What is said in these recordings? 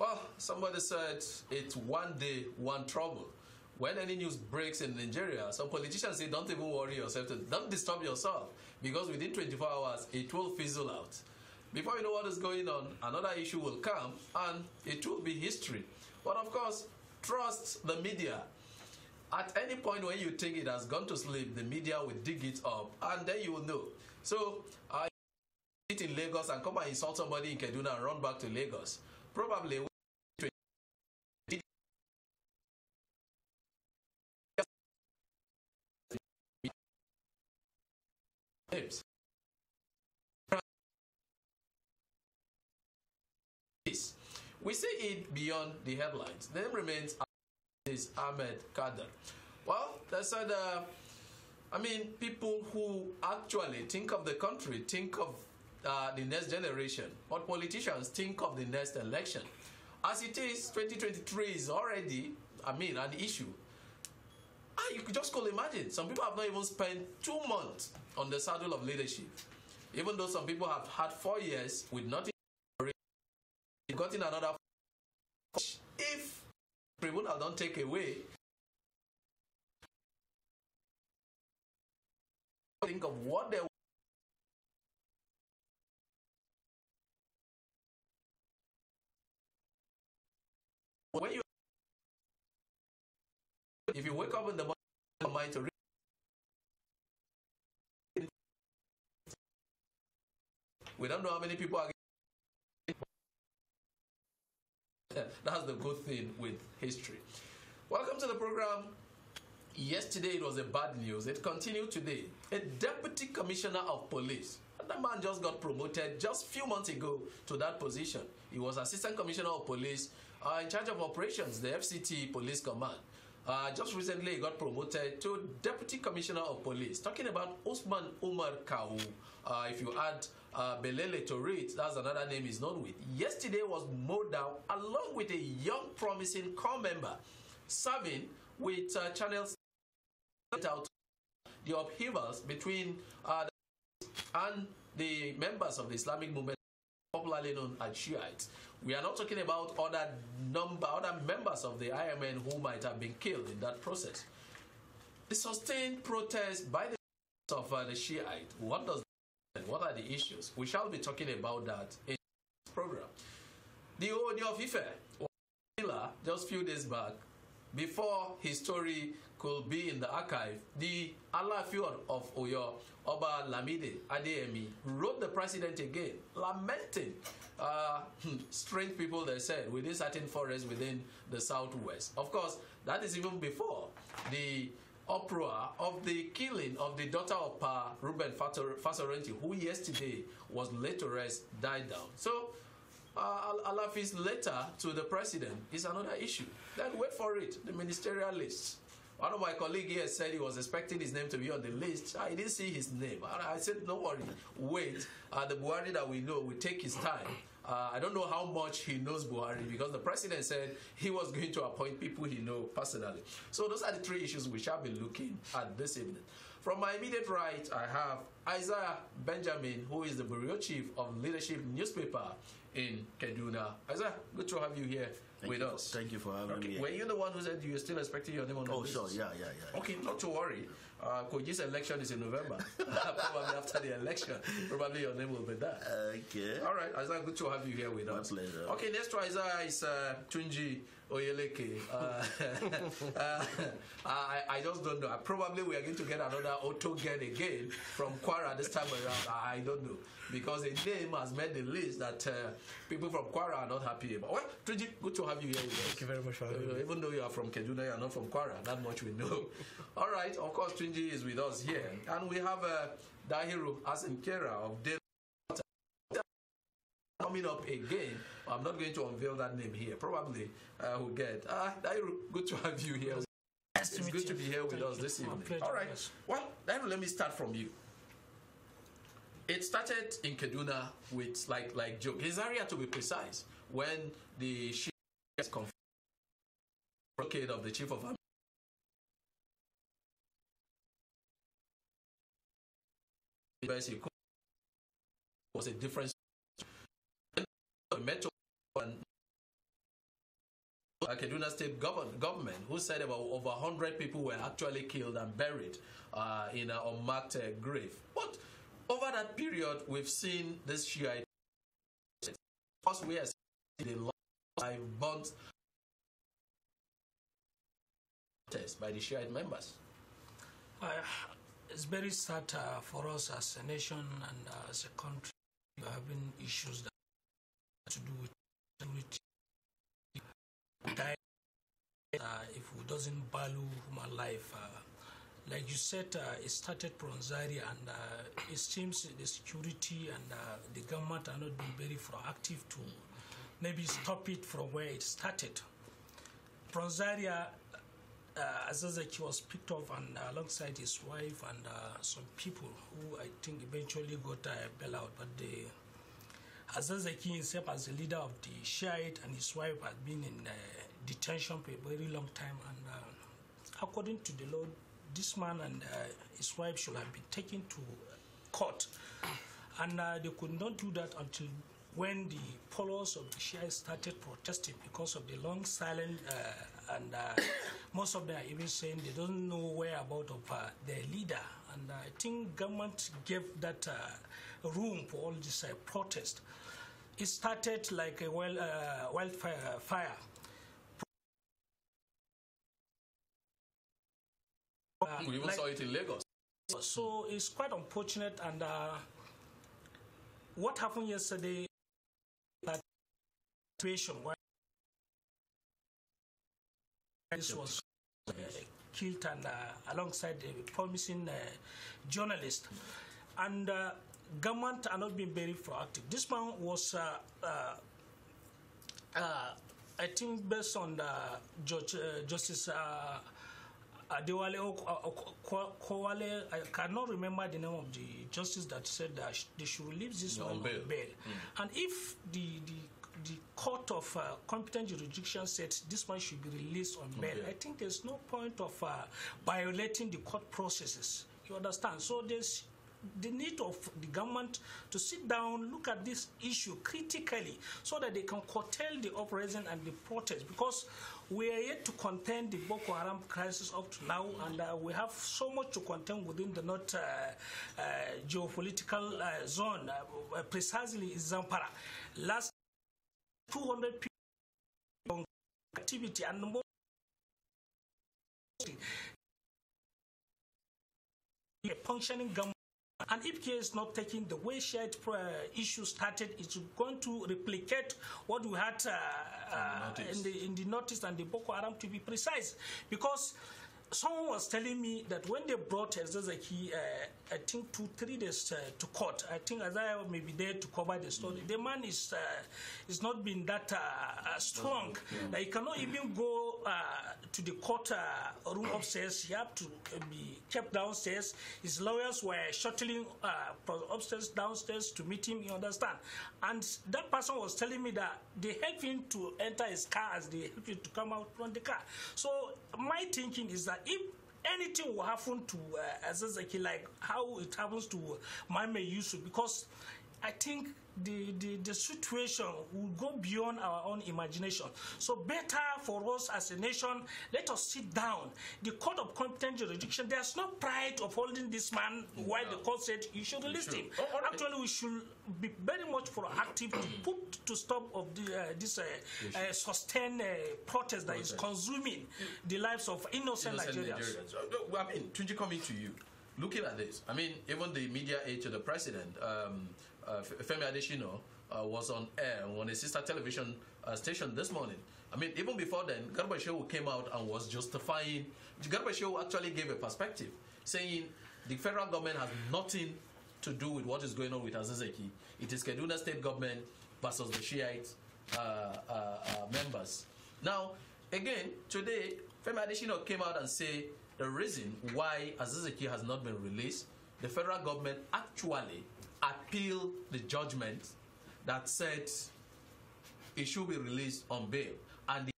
Well, somebody said it's one day, one trouble. When any news breaks in Nigeria, some politicians say, don't even worry yourself, don't disturb yourself, because within 24 hours, it will fizzle out. Before you know what is going on, another issue will come, and it will be history. But of course, trust the media. At any point when you think it has gone to sleep, the media will dig it up, and then you will know. So, I sit in Lagos and come and insult somebody in Kaduna and run back to Lagos. Probably lips. We see it beyond the headlines. The name remains is Ahmed Kader. Well, that's said, uh, I mean, people who actually think of the country, think of uh, the next generation, but politicians think of the next election. As it is, 2023 is already, I mean, an issue Ah, you could just call imagine. Some people have not even spent two months on the saddle of leadership. Even though some people have had four years with nothing, gotten another. If tribunal don't take away, think of what they when you if you wake up in the morning, to read. We don't know how many people are. That's the good thing with history. Welcome to the program. Yesterday it was a bad news. It continued today. A deputy commissioner of police. That man just got promoted just few months ago to that position. He was assistant commissioner of police uh, in charge of operations, the FCT police command. Uh, just recently, he got promoted to Deputy Commissioner of Police. Talking about Osman Umar Kau. Uh, if you add uh, Belele to it, that's another name he's known with. Yesterday was mowed down along with a young, promising core member serving with uh, channels out the upheavals between uh, and the members of the Islamic movement popularly known as Shiites. We are not talking about other number, other members of the IMN who might have been killed in that process. The sustained protest by the of uh, the Shiite. What does what are the issues? We shall be talking about that in this program. The Ooni of Ife just a few days back before his story could be in the archive, the Alafior of Oyo, Oba Lamide Adeyemi, wrote the president again, lamenting uh, hmm, strange people, they said, within certain forests within the southwest. Of course, that is even before the uproar of the killing of the daughter of Pa Ruben Fasorenti, who yesterday was laid to rest, died down. So uh, Alafi's letter to the president is another issue. Then wait for it, the ministerial list. One of my colleagues here said he was expecting his name to be on the list. I ah, didn't see his name. Ah, I said, no worry, wait. Uh, the Buhari that we know will take his time. Uh, I don't know how much he knows Buhari because the president said he was going to appoint people he know personally. So those are the three issues we shall be looking at this evening. From my immediate right, I have Isaiah Benjamin, who is the bureau chief of leadership newspaper in Kaduna. Isaiah, good to have you here Thank with us. For, thank you for having okay. me. Were you the one who said you were still expecting your name on the oh, list? Oh, sure, yeah, yeah, yeah. Okay, not to worry. Uh, Koji's election is in November. probably after the election, probably your name will be there. Okay. All right, Isaiah, good to have you here with My us. My pleasure. Okay, next to Isaiah is uh, Tunji Oyeleke. Uh, uh, I, I just don't know. I probably we are going to get another auto get again from Quara this time around. I don't know. Because the name has made the list that uh, people from Quara are not happy about. Well, Tunji, good to have you here with us. Thank you very much for having uh, me. Even though you are from Kaduna, you are not from Kwara. That much we know. All right. Of course, Twinji is with us here. And we have uh, Asim Kera of Daily coming up again. I'm not going to unveil that name here. Probably I uh, will get. Uh, good to have you here. Nice it's good you. to be here with Thank us you. this evening. All right. Yes. Well, Dairu, let me start from you. It started in Kaduna with, like, like joke, area to be precise, when the confronted of the chief of army. was a difference metro and Kaduna State government, who said about over 100 people were actually killed and buried uh, in an unmarked uh, grave. But over that period, we've seen this Shiite. First, we are seeing the I bought by the Shiite members. Uh, it's very sad uh, for us as a nation and uh, as a country. having issues that have to do with security. Uh, if we doesn't value human life, uh, like you said, uh, it started from Zaria, and it seems the security and the government are not being very proactive to maybe stop it from where it started. From uh, Azazaki was picked up and uh, alongside his wife and uh, some people who I think eventually got uh, bail out. But the, Azazaki himself as the leader of the Shiite and his wife had been in uh, detention for a very long time. And uh, according to the law, this man and uh, his wife should have been taken to court. And they could not do that until when the followers of the Shia started protesting because of the long silence, uh, and uh, most of them are even saying they don't know where about of uh, their leader. And I think government gave that uh, room for all this uh, protest. It started like a well, uh, wildfire. Fire. we even like, saw it in Lagos. So it's quite unfortunate and what happened yesterday situation where this was uh, killed and uh, alongside a promising uh, journalist. And uh, government are not being very proactive. This man was, uh, uh, I think, based on Judge, Justice Adewale oh, oh, oh, Kowale, I cannot remember the name of the justice that said that they should release this man on bail. Mm. And if the, the, the court of uh, competent jurisdiction said this man should be released on bail, okay. I think there's no point of uh, violating the court processes. You understand? So there's the need of the government to sit down, look at this issue critically, so that they can curtail the uprising and the protest. Because we are yet to contain the Boko Haram crisis up to now, and uh, we have so much to contend within the not uh, uh, geopolitical uh, zone. precisely, is Zampara. Last 200 people activity and more a functioning government and if care is not taking the way shared uh, issue started, it's going to replicate what we had uh, uh in, the, in the notice and the Boko Haram, to be precise. Because someone was telling me that when they brought Ezezaki uh, I think two, three days uh, to court. I think Isaiah may be there to cover the story. Mm. The man is uh, is not been that uh, uh strong. Mm, like, he cannot even go uh, to the court uh, room upstairs. He have to be kept downstairs. His lawyers were shuttling upstairs, downstairs to meet him. You understand? And that person was telling me that they helped him to enter his car as they helped him to come out from the car. So my thinking is that if anything will happen to uh, Azazaki, like how it happens to my Mame Yusuf, because I think the, the, the situation will go beyond our own imagination. So better for us as a nation, let us sit down. The court of competent jurisdiction, there's no pride of holding this man while the court said you should release him. Oh, okay. Oh, Actually, we should be very much proactive to put to stop of the, uh, this uh, uh, sustained uh, protest that is consuming the lives of innocent, innocent Nigerians. Nigerians. Uh, I mean, Tunji, coming to you, looking at this, I mean, even the media aid to the president, um, uh, Femi Adesina uh, was on air on a sister television uh, station this morning. I mean, even before then, Garba Shehu came out and was justifying. Garba Shehu actually gave a perspective, saying the federal government has nothing to do with what is going on with Azizeki. It is Kaduna state government versus the Shiite uh, uh, uh, members. Now, again, today, Femi Adesina came out and said the reason why Azizeki has not been released, the federal government actually appeal the judgment that said he should be released on bail and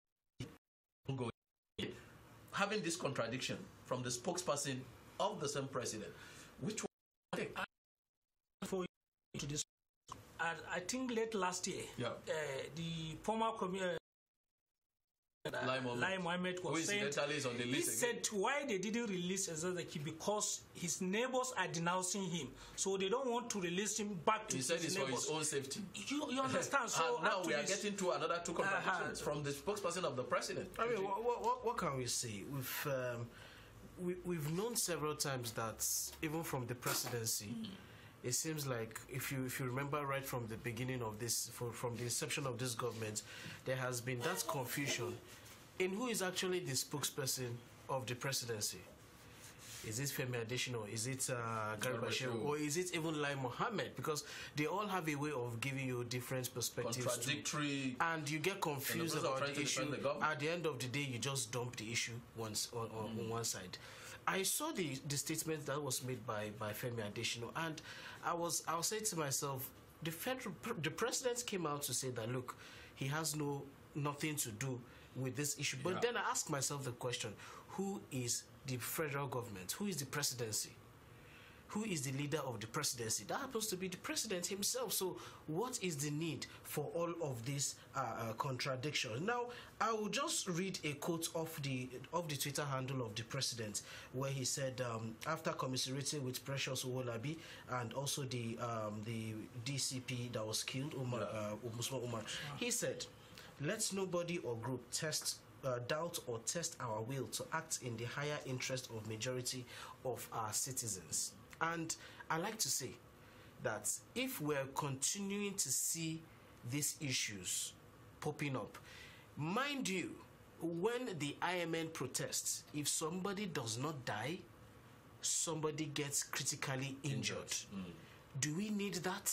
having this contradiction from the spokesperson of the same president which was for to this and I think late last year yeah. uh, the former premier. Lai Mohammed was saying, he again. said why they didn't release Ezazaki because his neighbors are denouncing him, so they don't want to release him back to he his neighbors. He said it's for his own safety. You, you understand? so ah, now we are getting to another two contradictions uh-huh. from the spokesperson of the president. I mean, what, what, what can we say? We've um, we, have known several times that even from the presidency. Mm it seems like if you if you remember right from the beginning of this for, from the inception of this government there has been that confusion in who is actually the spokesperson of the presidency is it Femi Adesina is it uh, or is it even Lai Mohammed because they all have a way of giving you different perspectives contradictory to, and you get confused about the issue the at the end of the day you just dump the issue once on, on, mm. on mm-hmm. one side I saw the, the statement that was made by, by Femi Adesino, and I was I was saying to myself, the federal the president came out to say that look, he has no nothing to do with this issue. But yeah. then I asked myself the question: Who is the federal government? Who is the presidency? who is the leader of the presidency? That happens to be the president himself. So, what is the need for all of these uh, uh contradictions? Now, I will just read a quote of the of the Twitter handle of the president, where he said, um, after commiserating with Precious Owolabi and also the um, the DCP that was killed, Umar, uh, Umar, he said, "Let nobody or group test." Uh, doubt or test our will to act in the higher interest of majority of our citizens. And I like to say that if we're continuing to see these issues popping up, mind you, when the IMN protests, if somebody does not die, somebody gets critically injured. Mm. Do we need that?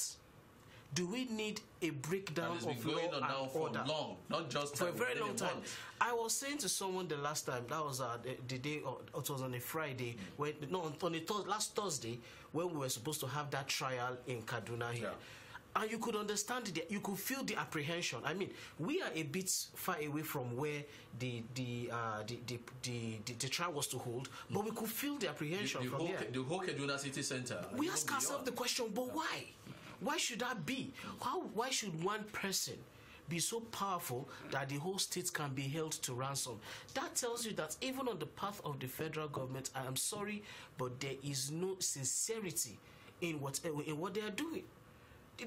do we need a breakdown of law on and for order? Long, not just for a very long time. I was saying to someone the last time that was uh, the, the, day, or uh, it was on a Friday, mm. when no, on, on the th last Thursday when we were supposed to have that trial in Kaduna here. Yeah and you could understand it. You could feel the apprehension. I mean, we are a bit far away from where the the uh, the, the, the, the, trial was to hold, mm. but we could feel the apprehension the, the from whole, here. The whole Kaduna City Center. We ask ourselves the question, but why? Why should that be? How, why should one person be so powerful that the whole state can be held to ransom? That tells you that even on the path of the federal government, I am sorry, but there is no sincerity in what, in what they are doing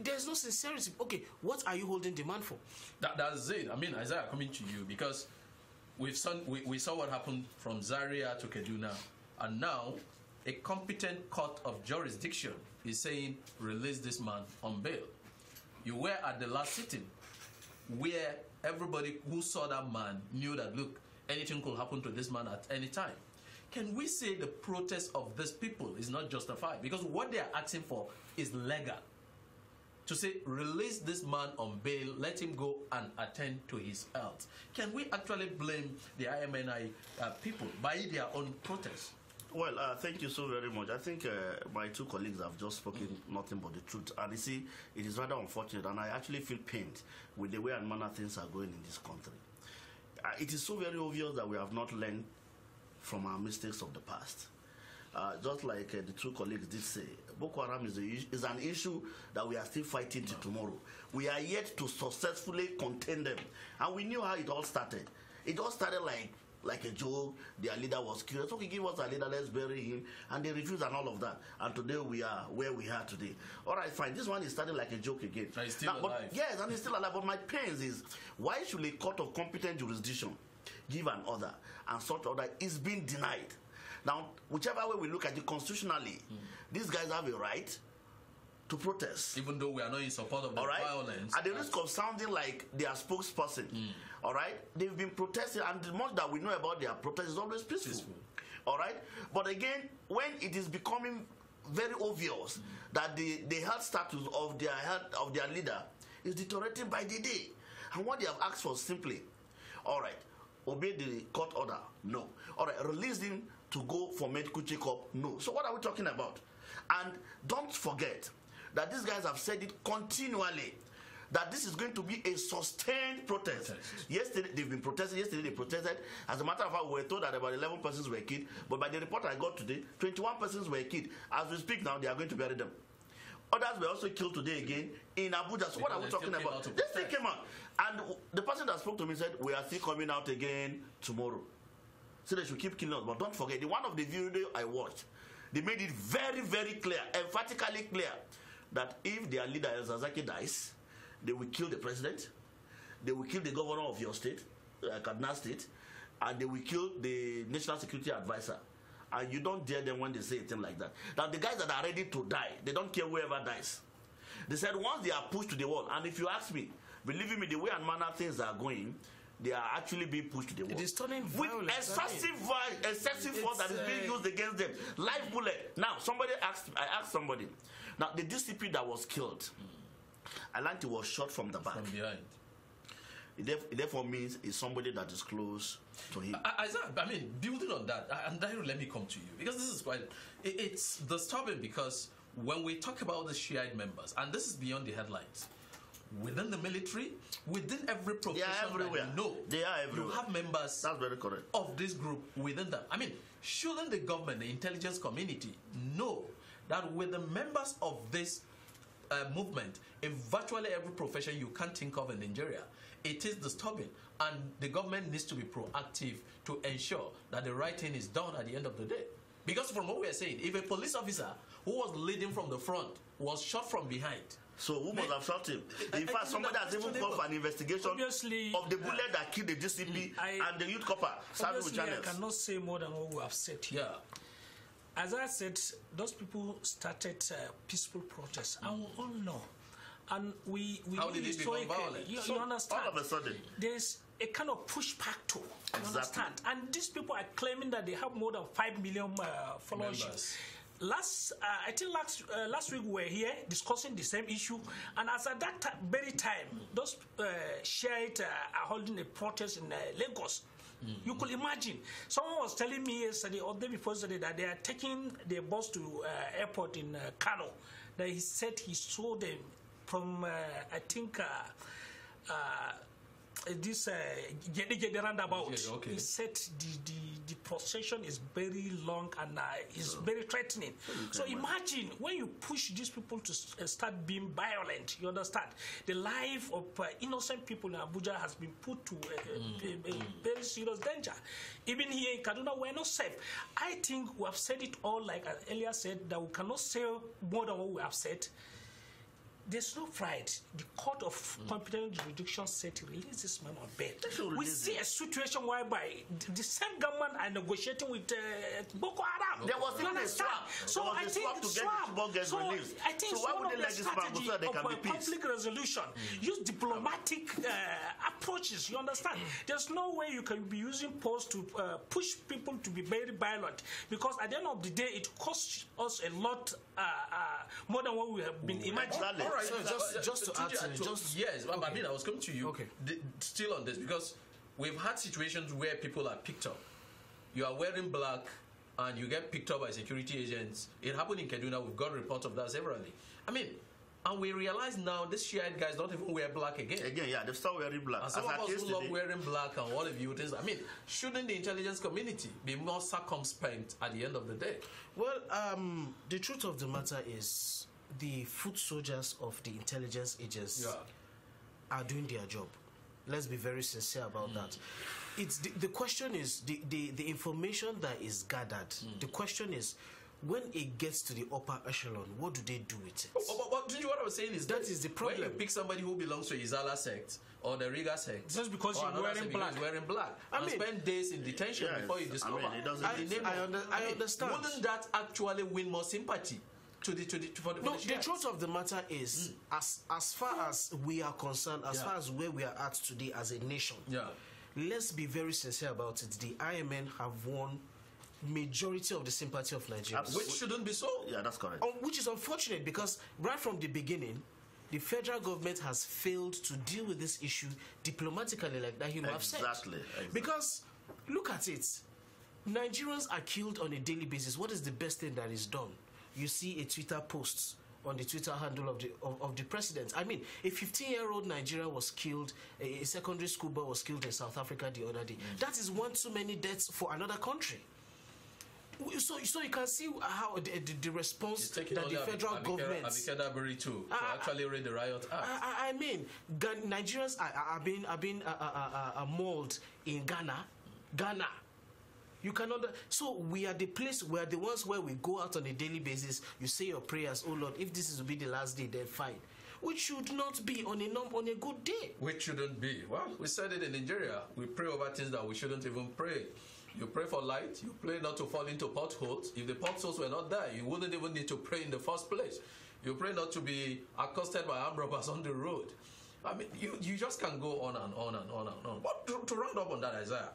there's no sincerity. Okay, what are you holding demand for? That, that's it. I mean, Isaiah, coming to you because we've seen we, we, saw what happened from Zaria to Kaduna, and now a competent court of jurisdiction is saying, release this man on bail. You were at the last sitting where everybody who saw that man knew that, look, anything could happen to this man at any time. Can we say the protest of these people is not justified? Because what they are asking for is legal. To say, release this man on bail, let him go and attend to his health. Can we actually blame the IMNI uh, people by their own protest? Well, uh, thank you so very much. I think uh, my two colleagues have just spoken mm nothing but the truth. And you see, it is rather unfortunate, and I actually feel pained with the way and manner things are going in this country. Uh, it is so very obvious that we have not learned from our mistakes of the past. Uh, just like uh, the two colleagues did say, Boko Haram is, a, is an issue that we are still fighting to tomorrow. We are yet to successfully contain them. And we knew how it all started. It all started like like a joke, their leader was killed. So he give us a leader, let's bury him. And they refused and all of that. And today we are where we are today. All right, fine. This one is starting like a joke again. And he's still now, alive. But, yes, and he's still alive. But my pains is, why should a court of competent jurisdiction give an order and such order is being denied? Now, whichever way we look at it constitutionally, mm. these guys have a right to protest. Even though we are not in support of the all right? violence. At the risk of sounding like their spokesperson, mm. all right, they've been protesting, and the much that we know about their protest is always peaceful. peaceful. All right, but again, when it is becoming very obvious mm. that the, the health status of their health, of their leader is deteriorating by the day, and what they have asked for simply, all right, obey the court order. No, all right, release him to go for medical checkup. No. So what are we talking about? And don't forget, that these guys have said it continually that this is going to be a sustained protest. protest. Yesterday, they've been protesting. Yesterday, they protested. As a matter of fact, we were told that about 11 persons were killed. But by the report I got today, 21 persons were killed. As we speak now, they are going to bury them. Others were also killed today again in Abuja. So what are we talking about? This thing came out. And the person that spoke to me said, we are still coming out again tomorrow. So they should keep killing us. But don't forget, the one of the video I watched, they made it very, very clear, emphatically clear that if their leader El Zazaki dies, they will kill the president, they will kill the governor of your state, uh, Kaduna State, and they will kill the national security advisor. And you don't dare them when they say a thing like that. That the guys that are ready to die, they don't care whoever dies. They said once they are pushed to the wall, and if you ask me, believe me, the way and manner things are going, they are actually being pushed to the wall. It is turning violent, With excessive, excessive force that is being uh, used against them. Live bullet. Now, somebody asked, I asked somebody, now, the DCP that was killed, mm. Alanti was shot from the back. From behind. It therefore means it's somebody that is close to him. I, I, I mean, building on that, and Dairo, let me come to you because this is quite. It, it's disturbing because when we talk about the Shiite members, and this is beyond the headlines, within the military, within every profession, they are everywhere. No, they are everywhere. You have members. That's very correct. Of this group within them. I mean, shouldn't the government, the intelligence community, know that with the members of this uh, movement in virtually every profession you can think of in Nigeria. It is disturbing, and the government needs to be proactive to ensure that the right thing is done at the end of the day. Because from what we are saying, if a police officer who was leading from the front was shot from behind, so who must have shot him? In I, fact, somebody has even called for an investigation obviously, of the bullet uh, that killed the DCP I, and the youth copper. Obviously, I cannot say more than what we have said here. Yeah as I said, those people started uh, peaceful protests, and we all know. And we, we How did it become violent? You, so, you understand? All of a sudden, there's a kind of pushback to. You exactly. understand? And these people are claiming that they have more than five million uh, followers last uh, I think last uh, last week we were here discussing the same issue, and as at that very time, those uh, uh, are holding a protest in uh, Lagos, Mm. You could imagine. Someone was telling me yesterday or the day before yesterday that they are taking their bus to uh, airport in uh, Kano. That he said he saw them from, uh, I think, uh, uh, uh, this uh, Gedi the roundabout, okay. he said the, the, the procession is very long and uh, is oh. very threatening. Okay, so imagine man. when you push these people to uh, start being violent, you understand? The life of uh, innocent people in Abuja has been put to mm. a, mm. very serious danger. Even here in Kaduna, we're not safe. I think we have said it all, like earlier said, that we cannot say more than what we have said there's no pride. The court of mm. competent jurisdiction said to release this man on bail. We see a situation whereby the, same government are negotiating with uh, Boko Haram. There was even a swap. So I think swap to swap. get so released. I think so why would they let this man so they can be peace? Conflict resolution. Mm. Use diplomatic uh, approaches. You understand? Mm. There's no way you can be using force to uh, push people to be very violent because at the end of the day, it costs us a lot uh, uh, more than what we have been imagining all right. just, just to uh, add, to, actual, just yes. Okay. I mean, I was coming to you. Okay. The, still on this because we've had situations where people are picked up. You are wearing black and you get picked up by security agents. It happened in Kaduna. We've got reports of that severally. I mean, and we realize now this Shiite guys don't even wear black again. Again, yeah, they start wearing black. And some As of us who love wearing black and all of you things. I mean, shouldn't the intelligence community be more circumspect at the end of the day? Well, um, the truth of the matter is the foot soldiers of the intelligence agents yeah. are doing their job. Let's be very sincere about mm. that. It's the, the, question is the, the, the information that is gathered. Mm. The question is when it gets to the upper echelon, what do they do with it? Oh, but, but, do you know what I was saying is that, that is the problem. When you pick somebody who belongs to Izala sect or the Riga sect, just because you're wearing black, wearing black, I and mean, spend days in detention yes, before you discover. I mean, it doesn't. I, I, under, I, understand. Wouldn't that actually win more sympathy? to the to the to, for the, no, the, the, truth of the matter is, mm. as as far as we are concerned, as yeah. far as where we are at today as a nation, yeah. Let's be very sincere about it. The IMN have won majority of the sympathy of Nigerians, Absolutely. Uh, which shouldn't be so. Yeah, that's correct. Um, which is unfortunate because right from the beginning, the federal government has failed to deal with this issue diplomatically, like that you have said. Exactly. Because look at it. Nigerians are killed on a daily basis. What is the best thing that is done? you see a Twitter post on the Twitter handle of the of, of, the president. I mean, a 15-year-old Nigerian was killed, a, a, secondary school boy was killed in South Africa the other day. Mm. That is one too many deaths for another country. So, so you can see how the, the, the response that the federal Abike, government. Abike Dabiri too, to I, ah, ah, actually read the riot ah, act. I, I mean, Nigerians are, are being are being uh, uh, uh, mauled in Ghana, Ghana you cannot. So we are the place. We are the ones where we go out on a daily basis. You say your prayers. Oh Lord, if this is to be the last day, then fine. Which should not be on a num- on a good day. Which shouldn't be. Well, we said it in Nigeria. We pray over things that we shouldn't even pray. You pray for light. You pray not to fall into potholes. If the potholes were not there, you wouldn't even need to pray in the first place. You pray not to be accosted by armed robbers on the road. I mean, you, you just can go on and on and on and on. But to, to round up on that, Isaiah,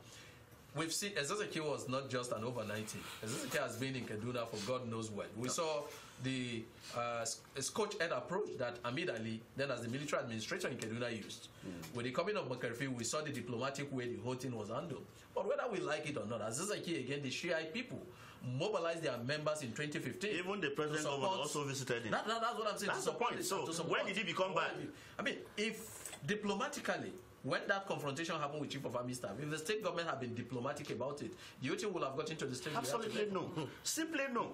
we've seen Ezekiel was not just an over 90. Ezekiel has been in Kaduna for God knows when. We saw the uh, ed head approach that Amid Ali, then as the military administration in Kaduna, used. Mm. With the coming of McCarthy, we saw the diplomatic way the whole thing was handled. But whether we like it or not, Ezekiel, again, the Shiite people mobilized their members in 2015. Even the president support, also visited him. That, that, that's what I'm saying. That's the point. So, when did he become bad? I mean, if diplomatically, when that confrontation happened with Chief of Army Staff, if the state government had been diplomatic about it, the Uche would have gotten to the state. Absolutely no. Simply no.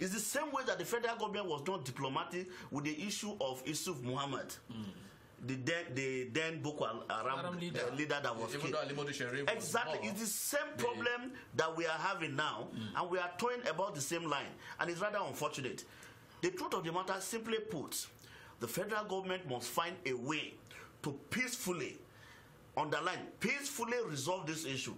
It's the same way that the federal government was not diplomatic with the issue of Isuf Muhammad. Mm. The, then, the then Boko Haram uh, leader. Uh, leader. that was Even killed. Exactly. It's the same problem that we are having now, mm. and we are towing about the same line, and it's rather unfortunate. The truth of the matter, simply put, the federal government must find a way to peacefully underline, peacefully resolve this issue.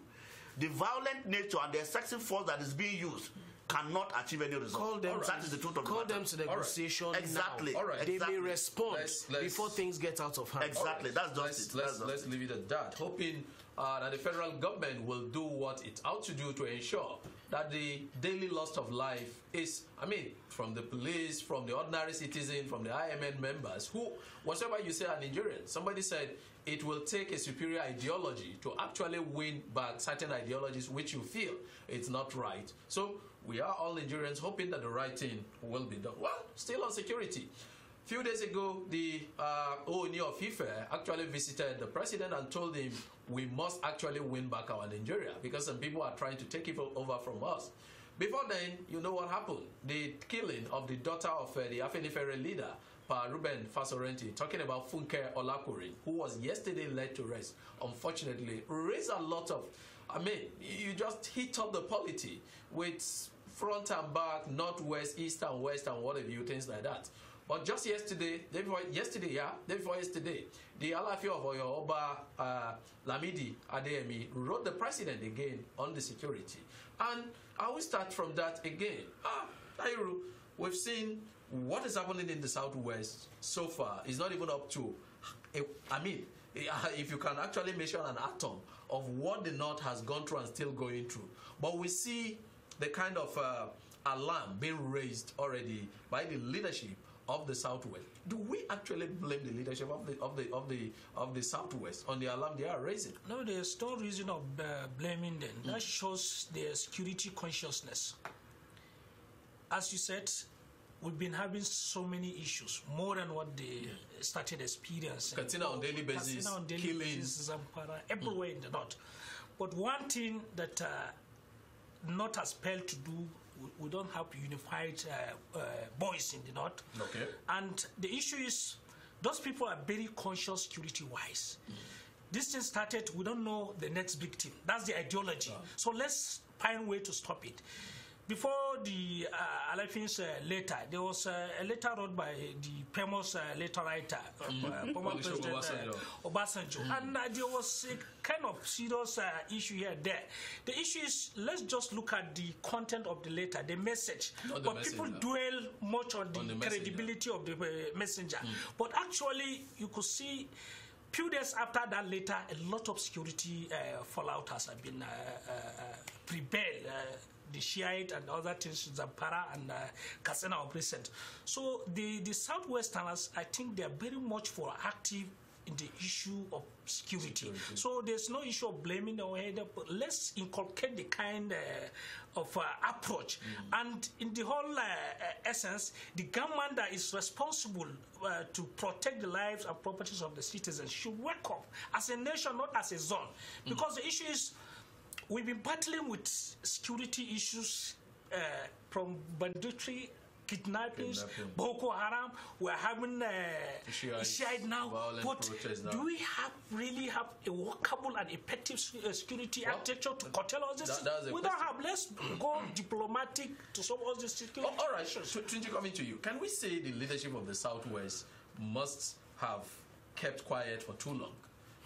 The violent nature and the excessive force that is being used cannot achieve any result. Call them. Right. That is the truth of Call the matter. them to negotiation right. exactly. now. All right. They exactly. may respond let's, let's before things get out of hand. Exactly. Right. That's just let's, it. Let's, just let's leave it at that. Hoping uh, that the federal government will do what it's out to do to ensure that the daily loss of life is, I mean, from the police, from the ordinary citizen, from the IMN members, who, whatever you say, an Nigerian. Somebody said it will take a superior ideology to actually win back certain ideologies which you feel it's not right. So we are all Nigerians hoping that the right thing will be done. Well, still on security. A few days ago, the uh, of Ife actually visited the president and told him we must actually win back our Nigeria because some people are trying to take it over from us. Before then, you know what happened. The killing of the daughter of uh, the Afenifere leader, by Ruben Fasorenti talking about Funke Olakuri, who was yesterday led to rest, unfortunately, raised a lot of, I mean, you just hit up the polity with front and back, northwest, east and west, and what have you, things like that. But just yesterday, day before yesterday, yeah, day before yesterday, the Alafi of Oyo Oba uh, Lamidi Adeyemi wrote the president again on the security. And I will start from that again. Ah, Tairu, we've seen what is happening in the Southwest so far is not even up to, eh, I mean, eh, if you can actually measure an atom of what the North has gone through and still going through. But we see the kind of uh, alarm being raised already by the leadership of the Southwest. Do we actually blame the leadership of the of the of the of the Southwest on the alarm they are raising? No, there's no reason of uh, blaming them. Mm. That hmm. shows their security consciousness. As you said, we've been having so many issues, more than what they started experiencing. Katina on daily basis, Katina on daily killings. Basis, Zampara, everywhere mm. in the hmm. north. But one thing that uh, not as well to do, we, we don't have unified uh, uh, voice in the north. Okay. And the issue is, those people are very conscious security-wise. Mm. This thing started, we don't know the next victim. That's the ideology. So let's find a way to stop it. Before the uh, uh, letter, there was uh, a letter wrote by the famous uh, letter writer, uh, mm. former President uh, Obasanjo. Obasanjo. Mm. And there was a kind of serious issue here there. The issue is let's just look at the content of the letter, the message. The but messenger. people dwell much on the, on the credibility of the messenger. Mm. But actually, you could see few days after that letter, a lot of security uh, fallout has been uh, uh, prevailed the Shiite and other things, Zampara and uh, Katsina of recent. So the, the Southwesterners, I think they are very much for active in the issue of security. security. So there's no issue of blaming or head But Let's inculcate the kind uh, of uh, approach. Mm. And in the whole uh, uh essence, the government that is responsible uh, to protect the lives and properties of the citizens should wake up as a nation, not as a zone. Mm. Because mm. the issue is We've been battling with security issues uh, from banditry, kidnappings, Kidnapping. Boko Haram. We're having uh, Shiite now. But now. do we have really have a workable and effective uh, security well, architecture to curtail all this? That, we don't have. Let's go diplomatic to solve all these security oh, All right, Trinity, coming to you. Can we say the leadership of the Southwest must have kept quiet for too long?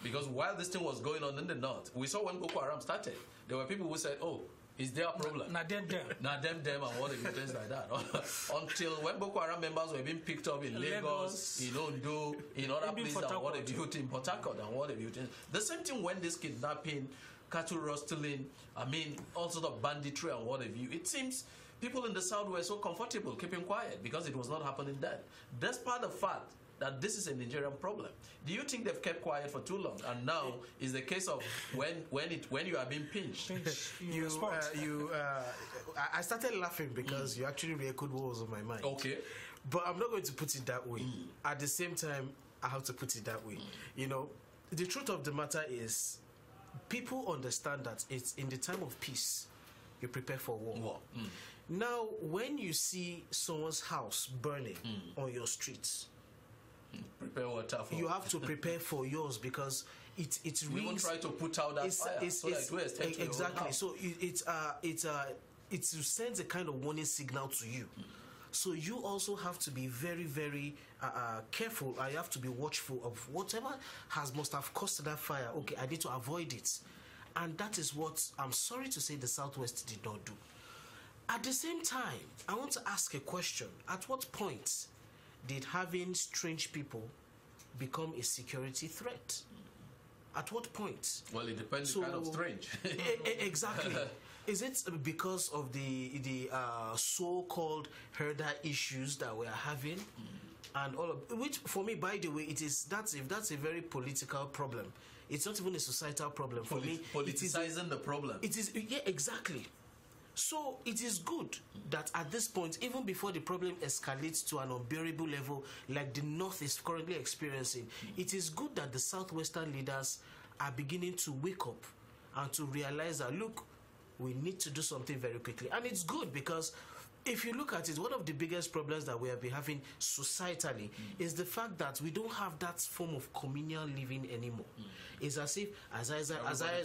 Because while this thing was going on in the north, we saw when Boko Haram started, there were people who said, oh, is there a problem. Nah, them them. nah, them them and all the things like that. Until when Boko Haram members were being picked up in Lagos, in Ondo, in other places, and what they built in Port and what The same thing when this kidnapping, cattle rustling, I mean, also the banditry and what have view. It seems people in the south were so comfortable keeping quiet because it was not happening then. Despite the fact that this is a Nigerian problem. Do you think they've kept quiet for too long? And now is the case of when when it when you are being pinched. Pinch, you you, uh, you uh, I started laughing because mm. you actually re-echoed what was on my mind. Okay, but I'm not going to put it that way. Mm. At the same time, I have to put it that way. Mm. You know, the truth of the matter is, people understand that it's in the time of peace you prepare for war. war. Mm. Now, when you see someone's house burning mm. on your streets prepare water for. You have to prepare for yours because it it won't try to put out that it's, fire it's, so it's, that it exactly. So it, uh uh it sends a kind of warning signal to you. Mm. So you also have to be very, very uh, uh, careful. I have to be watchful of whatever has must have caused that fire. Okay, I need to avoid it, and that is what I'm sorry to say the Southwest did not do. At the same time, I want to ask a question. At what point did having strange people become a security threat? At what point? Well, it depends so, kind of strange. exactly. Is it because of the the uh, so-called herder issues that we are having, mm. and all of which, for me, by the way, it is that's if that's a very political problem. It's not even a societal problem for Polit me. Politicizing it is, the problem. It is yeah, exactly. So it is good that at this point, even before the problem escalates to an unbearable level like the North is currently experiencing, is good that the Southwestern leaders are beginning to wake up and to realize that, look, we need to do something very quickly. And it's good because if you look at it, one of the biggest problems that we have been having societally mm. is the fact that we don't have that form of communal living anymore. Mm. It's as if as I, is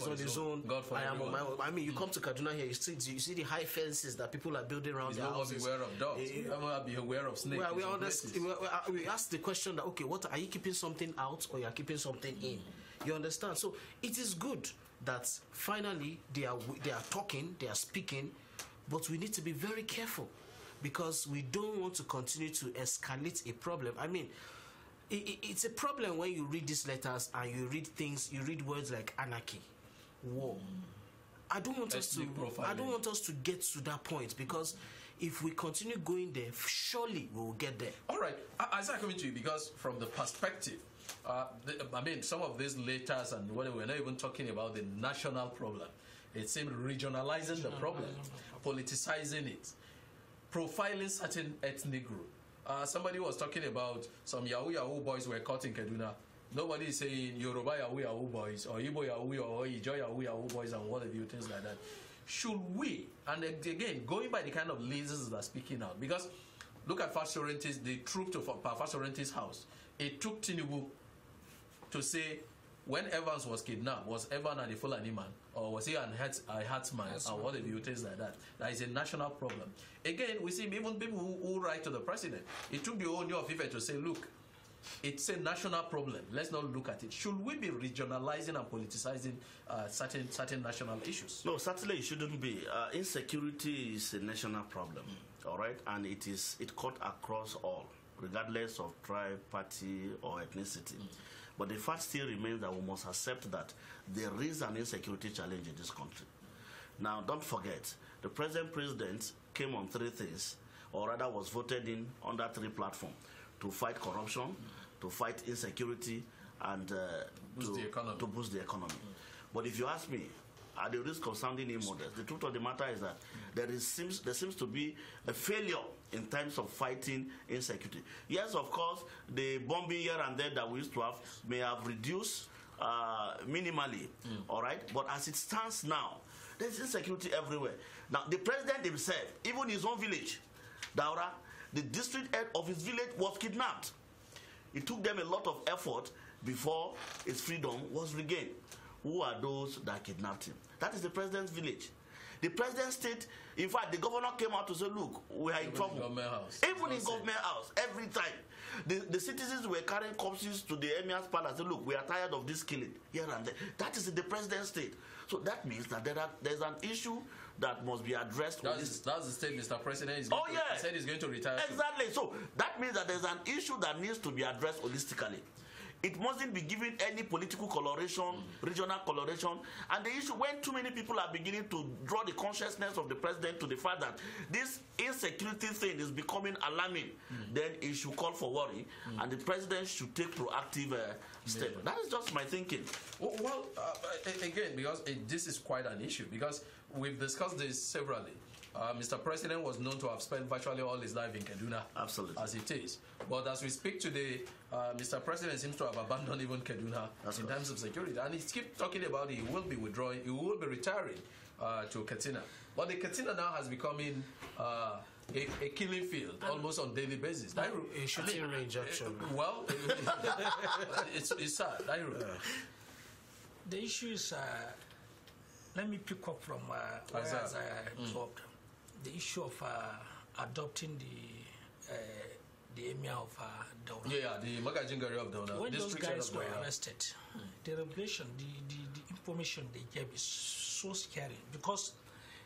on his own, God I am on my own. I mean, you mm. come to Kaduna here, you see, you see the high fences that people are building around. Their houses. beware of dogs. Uh, you be aware of snakes. we, we ask the question that okay, what are you keeping something out or you are keeping something in? Mm. You understand? So it is good that finally they are they are talking, they are speaking but we need to be very careful because we don't want to continue to escalate a problem. I mean, it, it's a problem when you read these letters and you read things, you read words like anarchy, war. I don't want us to. Profiling. I don't want us to get to that point because if we continue going there, surely we will get there. All right, as I come to you, because from the perspective, uh, I mean, some of these letters and whatever, we're not even talking about the national problem. It seemed regionalizing the problem, politicizing it, profiling certain ethnic group. Uh, somebody was talking about some Yahoo Yahoo boys were caught in Kaduna. Nobody is saying Yoruba Yahoo Yahoo boys or Igbo Yahoo or Ijo Yahoo Yahoo boys and what have you, things like that. Should we, and again, going by the kind of leaders that are speaking out, because look at Fasorente's, the troop to Fasorente's house. It took Tinubu to say when Evans was kidnapped, was Evans an Fulani man or was he an hat, a hat man That's or whatever you think like that? That is a national problem. Again, we see even people who, who write to the president. It took the owner of Ife to say, look, it's a national problem. Let's not look at it. Should we be regionalizing and politicizing uh, certain certain national issues? No, certainly it shouldn't be. Uh, insecurity is a national problem, all right, and it is it cut across all, regardless of tribe, party, or ethnicity. Mm but the fact still remains that we must accept that there is an insecurity challenge in this country. Now, don't forget, the present president came on three things, or rather was voted in under three platforms, to fight corruption, to fight insecurity, and uh, boost to, to, boost the economy. But if you ask me, are the risks of sounding immodest? The truth of the matter is that there is seems there seems to be a failure in terms of fighting insecurity. Yes, of course, the bombing here and there that we used to have may have reduced uh, minimally, mm. all right. But as it stands now, there's insecurity everywhere. Now, the president himself, even his own village, Daura, the district head of his village was kidnapped. It took them a lot of effort before his freedom was regained. Who are those that kidnapped him? That is the president's village. The president state, in fact, the governor came out to say, look, we are in Even trouble. In government house. Even in government house, every time. The, the citizens were carrying corpses to the emir's palace. Say, look, we are tired of this killing here and there. That is the president state. So that means that there are, there's an issue that must be addressed. That's, that's the state Mr. President is oh, yeah. said he's going to retire. Exactly. To. So that means that there's an issue that needs to be addressed holistically. It mustn't be given any political coloration, mm regional coloration. And the issue, when too many people are beginning to draw the consciousness of the president to the fact that this insecurity thing is becoming alarming, mm then it should call for worry, mm and the president should take proactive uh, steps. That is just my thinking. Well, well uh, again, because it, eh, this is quite an issue, because we've discussed this severally. Uh, Mr. President was known to have spent virtually all his life in Kaduna. Absolutely. As it is. But as we speak today, uh, Mr. President seems to have abandoned even Kaduna That's in course. terms of security. And he keeps talking about he will be withdrawing, he will be retiring uh, to Katina. But the Katina now has become uh, a, a, killing field and almost on daily basis. a shooting range, uh, actually. Well, it's, it's sad. The issue is, uh, let me pick up from uh, where I Isaiah mm the issue of uh, adopting the uh, the emir of uh, Yeah, yeah, the Magajin Gari of Dauna. When those guys were arrested, the revelation, the, the, the, information they gave is so scary because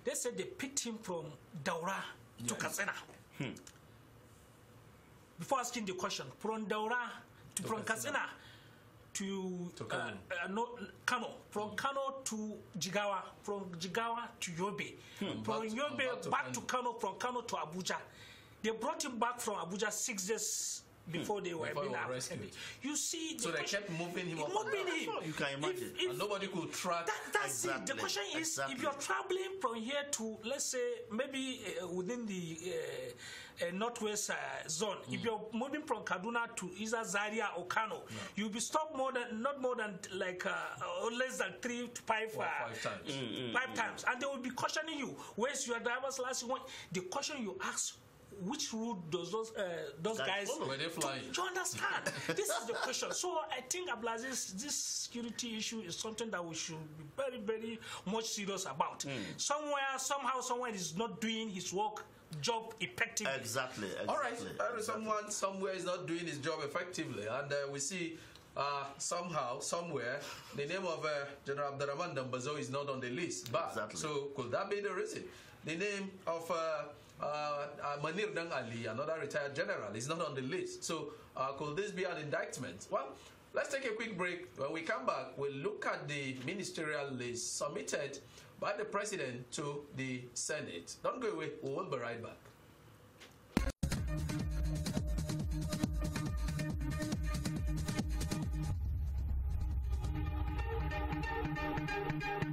they said they picked him from Daura yes. to Katsina. Hmm. Before asking the question, from Daura to, to from Katsina to, to Kano. Uh, uh, no, Kano. From hmm. Kano to Jigawa. From Jigawa to Yobe. Hmm. From Yobe back, to, back to Kano. From Kano to Abuja. They brought him back from Abuja six days Hmm. before they were before being You see, the so they question, kept moving him up. Moving him. You can imagine. If, if, and nobody could track. That, that's exactly. it. The question is, exactly. if you're traveling from here to, let's say, maybe uh, within the uh, uh, northwest uh, zone, mm. if hmm. you're moving from Kaduna to either Zaria or Kano, you'll be stopped more than not more than like uh, less than three to five, well, uh, five times, mm, mm, five hmm, times, and they will be cautioning you. Where's your driver's license? The question you ask which route does those uh, those guys? Where they Do, do you understand? this is the question. So I think Ablaziz, this security issue is something that we should be very very much serious about. Mm. Somewhere, somehow, someone is not doing his work job effectively. Exactly. exactly All right. Exactly. Someone somewhere is not doing his job effectively, and uh, we see uh, somehow, somewhere, the name of uh, General Abdurrahman Dambazo is not on the list. But exactly. so could that be the reason? The name of uh, uh, uh Manir Dang Ali, another retired general, is not on the list. So uh, could this be an indictment? Well, let's take a quick break. When we come back, we'll look at the ministerial list submitted by the president to the Senate. Don't go away. We will be right back.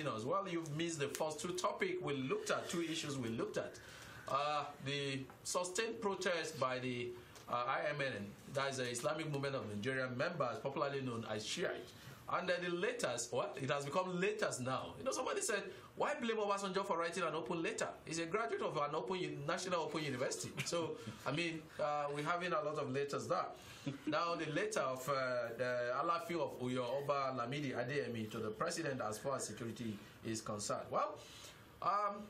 us, well, you've missed the first two topics we looked at, two issues we looked at. Uh, the sustained protest by the uh, IMN, that is the Islamic Movement of Nigeria members, popularly known as Shiite, and the letters, what? It has become letters now. You know, somebody said, why blame Obasanjo for writing an open letter? He's a graduate of an open national open university. So, I mean, uh, we're having a lot of letters there. now, the letter of uh, the Alafi of Uyo Oba Lamidi Adeyemi to the president as far as security is concerned. Well, um,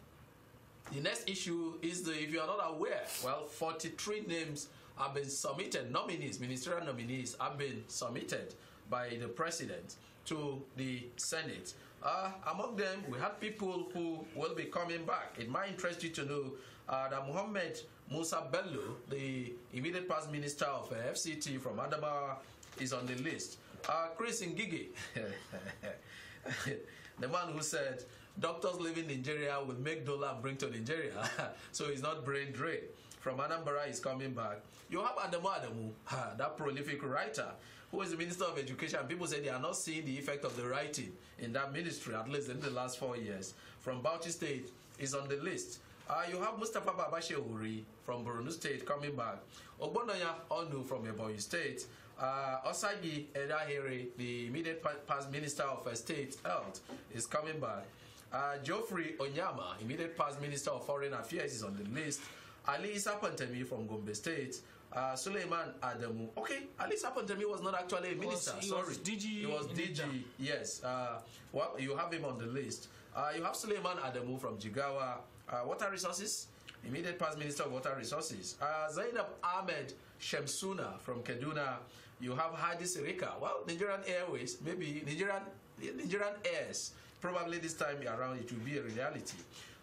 the next issue is the, if you are not aware, well, 43 names have been submitted, nominees, ministerial nominees have been submitted by the president to the Senate. Uh, among them, we have people who will be coming back. It might interest you to know uh, that Muhammad Musa Bello, the immediate past minister of uh, FCT from Adamawa, is on the list. Uh, Chris Ngigi, the man who said, doctors living in Nigeria will make dollar bring to Nigeria, so he's not brain drain. From Anambra is coming back. You have Adamu Adamu, that prolific writer who is the Minister of Education, people say they are not seeing the effect of the writing in that ministry, at least in the last four years. From Bauchi State is on the list. Uh, you have Mustafa Babashe Uri from Borno State coming back. Ogbonaya Onu from Ebonyi State. Uh, Osagi Edahere, the immediate past Minister of uh, State Health, is coming back. Uh, Geoffrey Onyama, immediate past Minister of Foreign Affairs, is on the list. Ali Isa from Gombe State uh, Suleiman Adamu. Okay, at least happened to me was not actually a minister. Sorry, was DG he was DG. Yes, uh, well, you have him on the list. Uh, you have Suleiman Adamu from Jigawa uh, Water Resources, immediate past minister of Water Resources. Uh, Zainab Ahmed Shemsuna from Kaduna. You have Hadi Sirika. Well, Nigerian Airways, maybe Nigerian Nigerian Airs. Probably this time around it will be a reality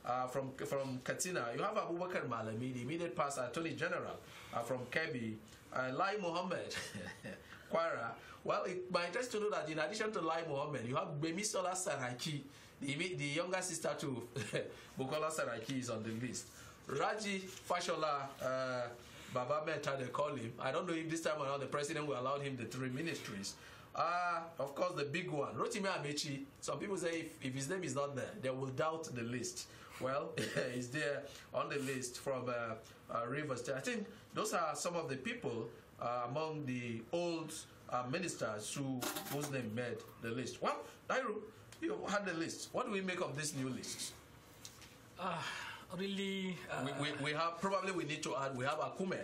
uh, from from Katsina. You have Abubakar Malami, the immediate past Attorney General uh, from Kebi, uh, Lai Mohammed, Kwara. Well, it, my interest to know that in addition to Lai Mohammed, you have Bemisola Saraki, the, the younger sister to Bukola Saraki is on the list. Raji Fashola uh, Baba Meta, they call him. I don't know if this time or not the president will allow him the three ministries. Uh, of course, the big one, Rotimi Amechi. Some people say if, if his name is not there, they will doubt the list. Well, is there on the list from uh, uh, Rivers? I think those are some of the people uh, among the old ministers who whose name made the list. Well, Nairo, you had the list. What do we make of this new list? Uh, really, uh, we, we, we, have probably we need to add. We have Akume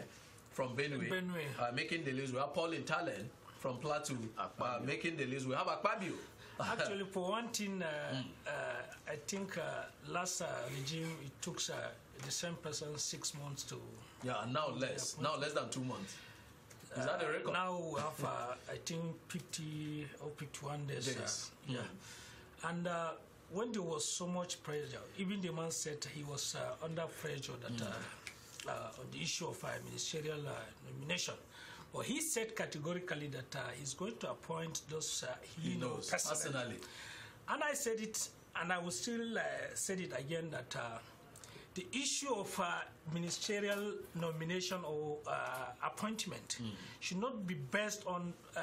from Benue, Benue. Uh, making the list. We have Paul Intalen from Plateau uh, making the list. We have Akpabio Actually, for one thing, uh, uh, I think uh, last regime it took the same person six months to. Yeah, and now less. Now less than two months. Is that a record? now we have, I think, 50 or 51 days. days. yeah. And when there was so much pressure, even the man said he was uh, under pressure that mm. uh, on the issue of ministerial nomination. Well, he said categorically that uh, he's going to appoint those uh, he, he knows personally. personally. And I said it, and I will still uh, said it again that uh, the issue of uh, ministerial nomination or uh, appointment mm. should not be based on uh,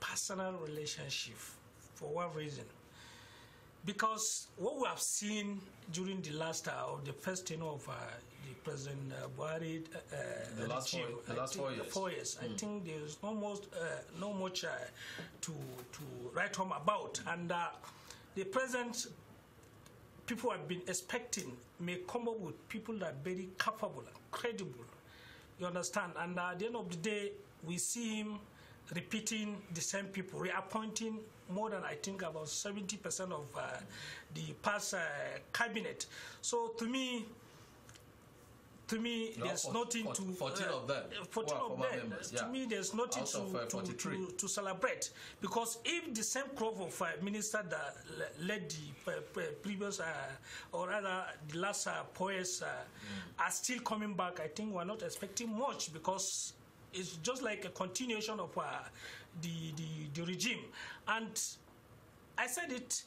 personal relationship for one reason. Because what we have seen during the last or the first tenure of President uh, Buhari uh, uh, the last, four, the last four years. Four years. Mm. I hmm. think there is no, most, uh, no much to, to write home about. And the present people have been expecting may come up with people that are very capable and credible. You understand? And at the end of the day, we see him repeating the same people, reappointing more than I think about 70% of uh, the past uh, cabinet. So to me, to me, no, there's nothing to 14 uh, of them. 14 of them. Uh, members, yeah. To me, there's nothing to, uh, to, to, to, celebrate because if the same crop of uh, ministers that led the uh, uh, previous uh, or rather the last uh, poets mm. are still coming back, I think we're not expecting much because it's just like a continuation of the, the the regime. And I said it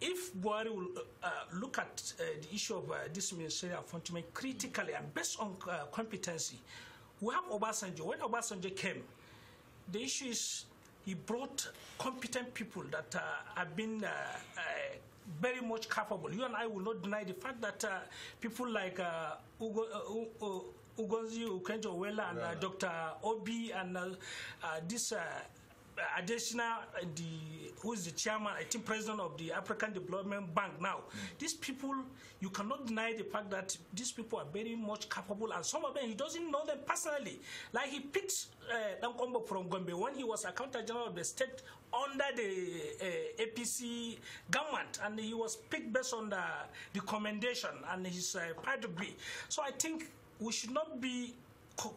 if Buhari will uh, uh, look at uh, the issue of uh, this ministerial appointment critically and based on uh, competency, we have Obasanjo. When Obasanjo came, the issue is he brought competent people that uh, have been very much capable. You and I will not deny the fact that people like Ugo, Ugonzi Ukenjo-Wela and Dr. Obi and this Additional, uh, the who is the chairman, I think president of the African Development Bank. Now, mm. these people, you cannot deny the fact that these people are very much capable, and some of them he doesn't know them personally. Like he picked uh, Dankombo from Gombe when he was Accountant General of the State under the uh, APC government, and he was picked based on the recommendation and his uh, pedigree. So I think we should not be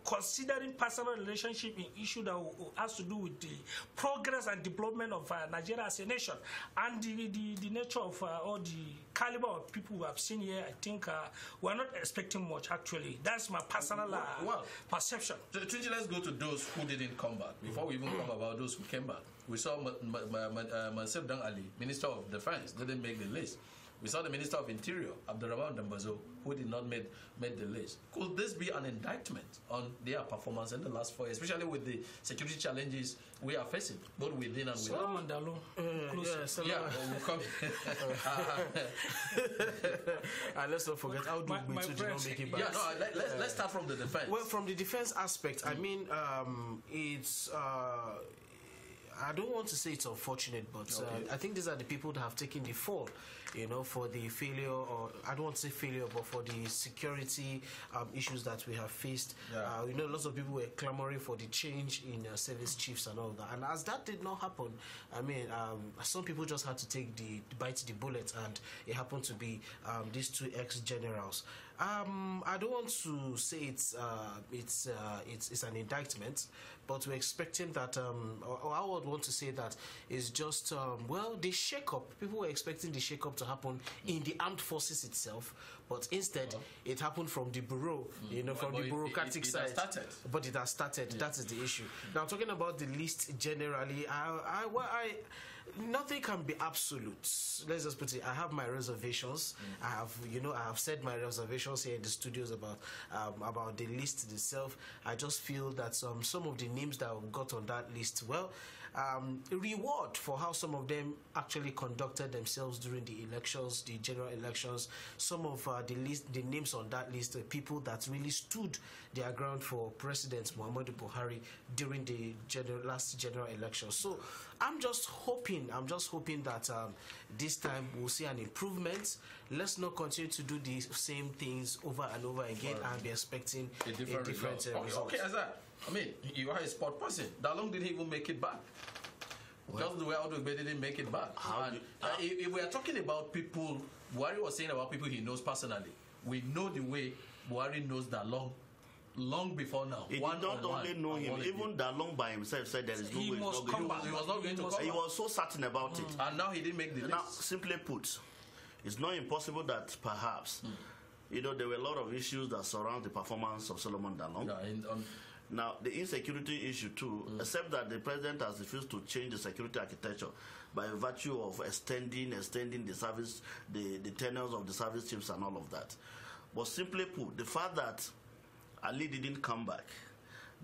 considering personal relationship in issue that has to do with the progress and development of uh, Nigeria as a nation and the, the, the nature of uh, all the caliber of people we have seen here, I think uh, we're not expecting much, actually. That's my personal well, uh, well, perception. Trinity, let's go to those who didn't come back. Before we even talk about those who came back, we saw uh, Mansur Ali, Minister of Defense, didn't make the list. We saw the Minister of Interior, Abdurrahman Dambazo, who did not make, make the list. Could this be an indictment on their performance in the last four years, especially with the security challenges we are facing, both within and without? Solomon Dalo. Uh, yeah, oh, well, we'll and ah, let's not forget, how do we did not make it back? Yeah, no, let, us uh, start from the defense. Well, from the defense aspect, I mm. mean, um, it's... Uh, I don't want to say it's unfortunate, but uh, okay. uh, I think these are the people that have taken the fall, you know, for the failure, or I don't want to say failure, but for the security um, issues that we have faced. Yeah. Uh, you know, lots of people were clamoring for the change in uh, service chiefs and all that. And as that did not happen, I mean, um, some people just had to take the bite the bullet, and it happened to be um, these two ex generals. Um, I don't want to say it's uh, it's, uh, it's, it's an indictment, but we're expecting that, um, or, or, I would want to say that is just um, well the shake-up. People were expecting the shake-up to happen in the armed forces itself, but instead it happened from the bureau, mm, you know, well, from the bureaucratic it, it, it side. Started. But it has started. Yeah. That is the issue. Mm. Now talking about the list generally, I I, well, I nothing can be absolute. Let's just put it. I have my reservations. Mm. I have, you know, I have said my reservations here in the studios about um, about the list itself. I just feel that some some of the names that I've got on that list, well, um, reward for how some of them actually conducted themselves during the elections, the general elections. Some of uh, the list, the names on that list, the people that really stood their ground for President Muhammadu Buhari during the general, last general election. So. I'm just hoping, I'm just hoping that um, this time we'll see an improvement. Let's not continue to do the same things over and over again i and be expecting a different, a different result. Uh, result. Okay, okay, as I mean, you are a sport person. Dalong didn't even make it back. Well, Just the way Aldo Igbe didn't make it back. And, uh, if, we are talking about people, Wari was saying about people he knows personally. We know the way Wari knows Dalong long before now. He did not on only know him, even Dalong by himself said there is no he way must come back. He was not going to come back. He was so certain about mm. it. And now he didn't make the now, list. simply put, it's not impossible that perhaps, mm. you know, there were a lot of issues that surround the performance of Solomon Dalong. Yeah, in, um, now, the insecurity issue too, mm. except that the president has refused to change the security architecture by virtue of extending, extending the service, the, the tenures of the service chiefs and all of that. But simply put, the fact that Ali didn't come back.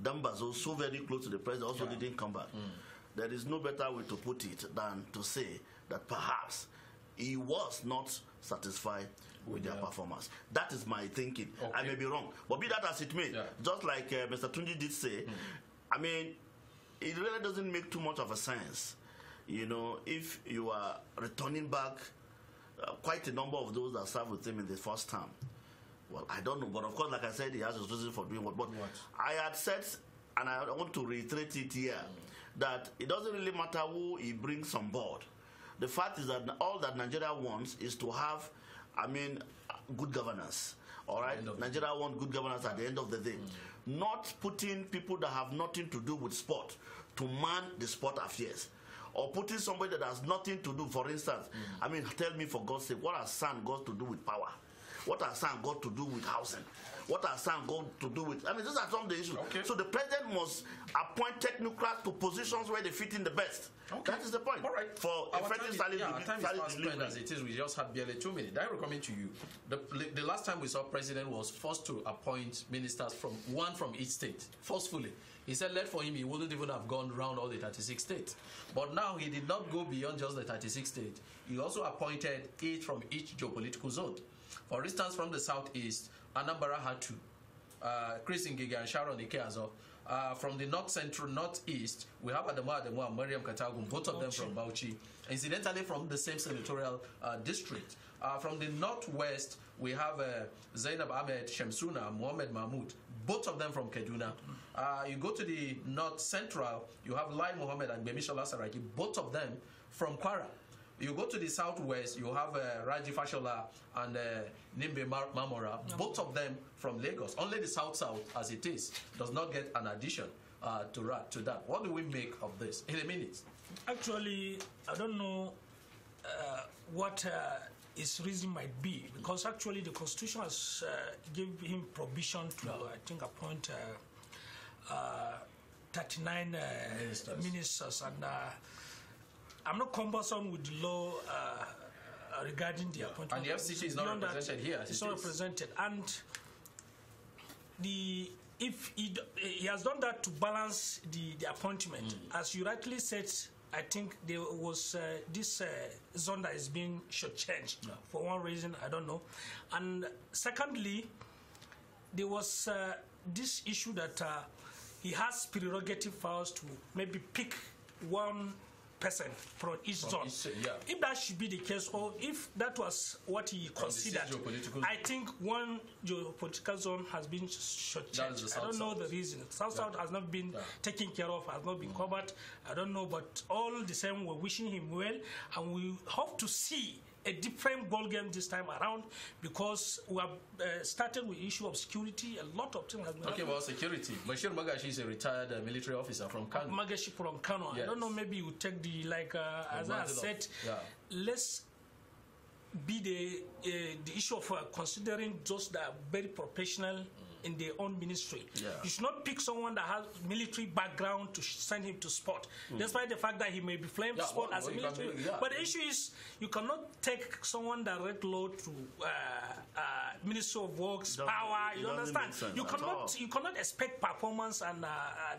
was so very close to the president, also yeah. didn't come back. Mm. There is no better way to put it than to say that perhaps he was not satisfied with their performance. That is my thinking. Okay. I may be wrong, but be that as it may, yeah. just like uh, Mr. Tunji did say, mm. I mean, it really doesn't make too much of a sense, you know, if you are returning back uh, quite a number of those that served with him in the first term. Well, I don't know, but of course, like I said, he has his reason for doing what. But what? I had said, and I want to reiterate it here, mm. that it doesn't really matter who he brings on board. The fact is that all that Nigeria wants is to have, I mean, good governance. All right, Nigeria wants good governance at the end of the day. Mm. Not putting people that have nothing to do with sport to man the sport affairs or putting somebody that has nothing to do, for instance, mm. I mean, tell me for God's sake, what has sun got to do with power? What has Sam got to do with housing? What has Sam got to do with? I mean, these are some of the issues. Okay. So the president must appoint technocrats to positions where they fit in the best. Okay. That is the point. All right. For our effective salary, yeah, our time salary is as it is. We just had barely two minutes. I recommend to you. The, the last time we saw president was forced to appoint ministers from one from each state forcefully. He said, let for him, he wouldn't even have gone round all the 36 states. But now he did not go beyond just the 36 states. He also appointed eight from each geopolitical zone. For instance, from the southeast, Anambra had two. Uh, Chris Ngige and Sharon Ikeazo. Uh, from the north central, northeast, we have Adamu Adamu and Mariam Katagun, both of them from Bauchi. Incidentally, from the same senatorial uh, district. Uh, from the northwest, we have uh, Zainab Ahmed Shemsuna and Mohamed Mahmoud, both of them from Kaduna. Uh, you go to the north central, you have Lai Mohammed and Bemishola Saraki, both of them from Kwara. You go to the southwest, you have uh, Raji Fashola and uh, Nimbe Mamora, both of them from Lagos. Only the south south, as it is, does not get an addition uh, to, to that. What do we make of this in a minute? Actually, I don't know uh, what uh, his reason might be, because actually the Constitution has uh, given him provision to, uh, I think, appoint. 39 ministers. ministers and I'm not cumbersome with law uh, regarding the yeah. appointment. And the FCC is not represented that, here. It's it not is. represented. And the if he, he, has done that to balance the, the appointment, mm. as you rightly said, I think there was uh, this uh, that is being shortchanged for one reason I don't know, and secondly, there was uh, this issue that uh, he has prerogative powers to maybe pick one percent from each from zone. Each, yeah. If that should be the case, or if that was what he considered, I think one geopolitical zone has been shortchanged. I don't know the reason. South yeah. South has not been yeah. taken care of, has not been mm. covered. I don't know, but all the same, we're wishing him well, and we hope to see a different ball game this time around because we have uh, started with issue of security. A lot of things have been. Okay, about security. Bashir Magashi is a retired uh, military officer from Kano. Magashi from Kano. Yes. I don't know. Maybe you take the like uh, as I said. Yeah. Let's be the uh, the issue of uh, considering those that are very professional in their own ministry. Yeah. You should not pick someone that has military background to send him to sport, mm. despite the fact that he may be playing yeah, sport well, as well, a military. yeah. But the issue is, you cannot take someone that red law to uh, uh, Ministry of Works, that, power. You understand? You cannot you cannot expect performance and uh, uh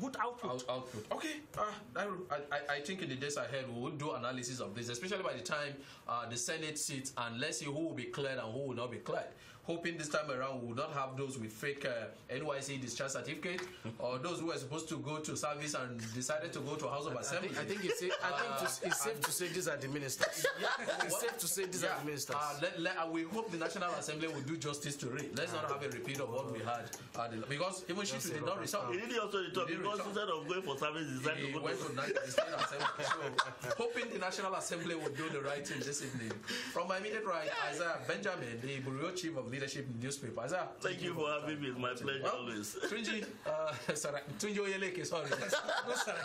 good output. Out, output. Okay. Uh, I, I, think in the days ahead we will do analysis of this, especially by the time uh, the Senate sits, and let's see who will be cleared and who will not be cleared hoping this time around we will not have those with fake uh, NYC discharge certificate or those who are supposed to go to service and decided to go to House of Assembly. I think, I think it's, safe, I think to, uh, it's safe to say these are the ministers. Yeah, it's safe to say these yeah. are the ministers. Uh, let, let, we hope the National Assembly will do justice to Ray. Let's not have a repeat of what we had. The, because even she did not resolve. He did also resolve because instead of going for service, he decided he to go to National Assembly. So, hoping the National Assembly will do the right thing this evening. From my immediate right, Isaiah Benjamin, the bureau chief of the leadership thank, thank you, you for having me. It's my pleasure well, always. Twinji, uh, sorry, Twinji Oyeleke, sorry. no, sorry.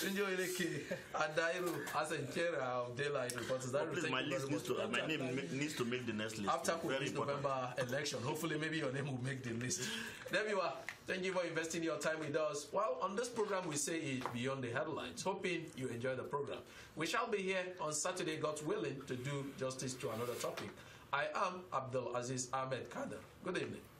Twinji Oyeleke, Adairu, of Daylight oh, please, my, list needs to, uh, my name needs to make the next list. After November election, hopefully maybe your name will make the list. There you are. Thank you for investing your time with us. Well, on this program, we say it beyond the headlines, hoping you enjoy the program. We shall be here on Saturday, God willing, to do justice to another topic. I am Abdul Aziz Ahmed Kader. Good evening.